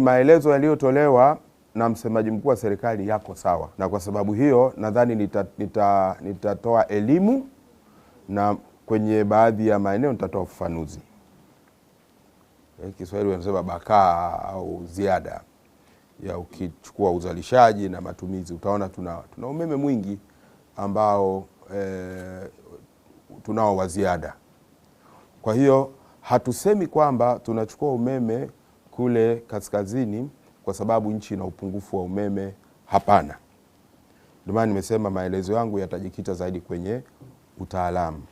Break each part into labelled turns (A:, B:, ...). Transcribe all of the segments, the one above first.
A: maelezo yaliyotolewa na msemaji mkuu wa serikali yako sawa, na kwa sababu hiyo nadhani nitatoa nita, nita elimu na kwenye baadhi ya maeneo nitatoa ufafanuzi. Eh, Kiswahili wanasema bakaa au ziada ya, ukichukua uzalishaji na matumizi utaona tuna, tuna umeme mwingi ambao e, tunao wa ziada. Kwa hiyo hatusemi kwamba tunachukua umeme kule kaskazini kwa sababu nchi ina upungufu wa umeme? Hapana. Ndio maana nimesema maelezo yangu yatajikita zaidi kwenye utaalamu.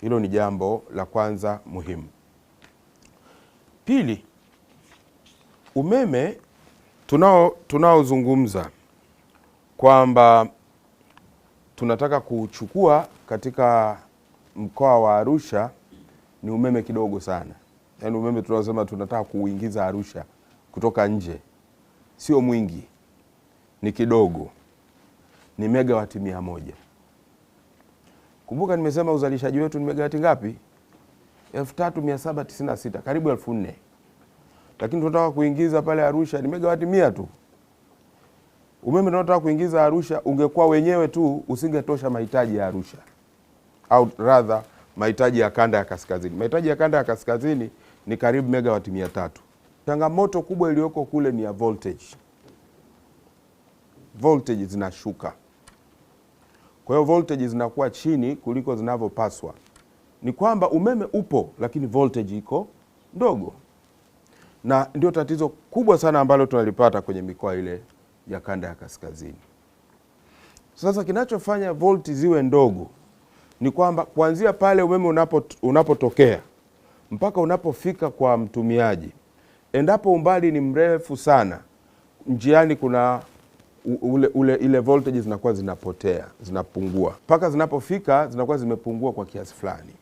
A: Hilo ni jambo la kwanza muhimu. Pili, umeme tunao tunaozungumza kwamba tunataka kuchukua katika mkoa wa Arusha ni umeme kidogo sana yani umeme tunaosema tunataka kuuingiza Arusha kutoka nje sio mwingi, ni kidogo, ni megawati mia moja. Kumbuka nimesema uzalishaji wetu ni megawati ngapi? 3796 karibu 4000 lakini tunataka kuingiza pale Arusha ni megawati mia tu. Umeme tunataka kuingiza Arusha ungekuwa wenyewe tu usingetosha mahitaji ya Arusha au rather mahitaji ya kanda ya kaskazini. Mahitaji ya kanda ya kaskazini ni karibu megawati mia tatu. Changamoto kubwa iliyoko kule ni ya voltage. Voltage zinashuka, kwa hiyo voltage zinakuwa chini kuliko zinavyopaswa. Ni kwamba umeme upo, lakini voltage iko ndogo, na ndio tatizo kubwa sana ambalo tunalipata kwenye mikoa ile ya kanda ya kaskazini. Sasa kinachofanya volti ziwe ndogo ni kwamba kuanzia pale umeme unapo unapotokea mpaka unapofika kwa mtumiaji. Endapo umbali ni mrefu sana, njiani kuna ule, ule, ile voltage zinakuwa zinapotea zinapungua, mpaka zinapofika zinakuwa zimepungua kwa kiasi fulani.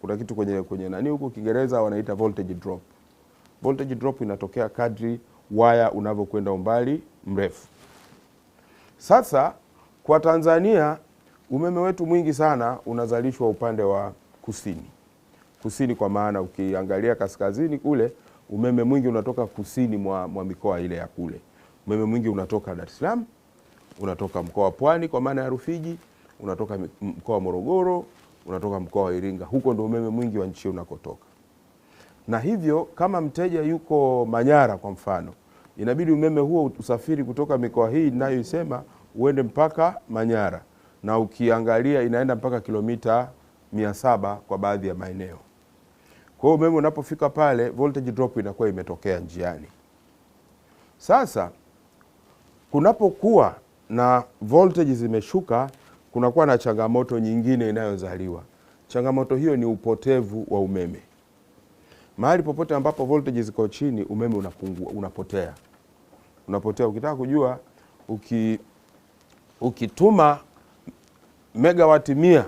A: Kuna kitu kwenye, kwenye nani huko Kiingereza wanaita voltage drop. Voltage drop inatokea kadri waya unavyokwenda umbali mrefu. Sasa kwa Tanzania umeme wetu mwingi sana unazalishwa upande wa kusini kusini, kwa maana ukiangalia kaskazini kule umeme mwingi unatoka kusini mwa, mwa mikoa ile ya kule. Umeme mwingi unatoka Dar es Salaam, unatoka mkoa wa Pwani kwa maana ya Rufiji, unatoka mkoa wa Morogoro, unatoka mkoa wa Iringa. Huko ndio umeme mwingi wa nchi unakotoka, na hivyo kama mteja yuko Manyara kwa mfano, inabidi umeme huo usafiri kutoka mikoa hii ninayoisema uende mpaka Manyara, na ukiangalia inaenda mpaka kilomita mia saba kwa baadhi ya maeneo. Kwa hiyo umeme unapofika pale, voltage drop inakuwa imetokea njiani. Sasa kunapokuwa na voltage zimeshuka, kunakuwa na changamoto nyingine inayozaliwa. Changamoto hiyo ni upotevu wa umeme. Mahali popote ambapo voltage ziko chini, umeme unapungua, unapotea, unapotea. Ukitaka kujua, uki, ukituma megawati mia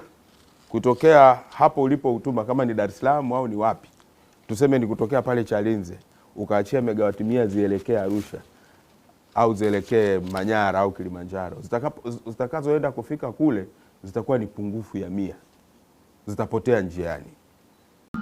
A: kutokea hapo ulipo utuma kama ni Dar es Salaam au ni wapi, tuseme ni kutokea pale Chalinze, ukaachia megawati mia zielekee Arusha au zielekee Manyara au Kilimanjaro, zitakazoenda kufika kule zitakuwa ni pungufu ya mia, zitapotea njiani.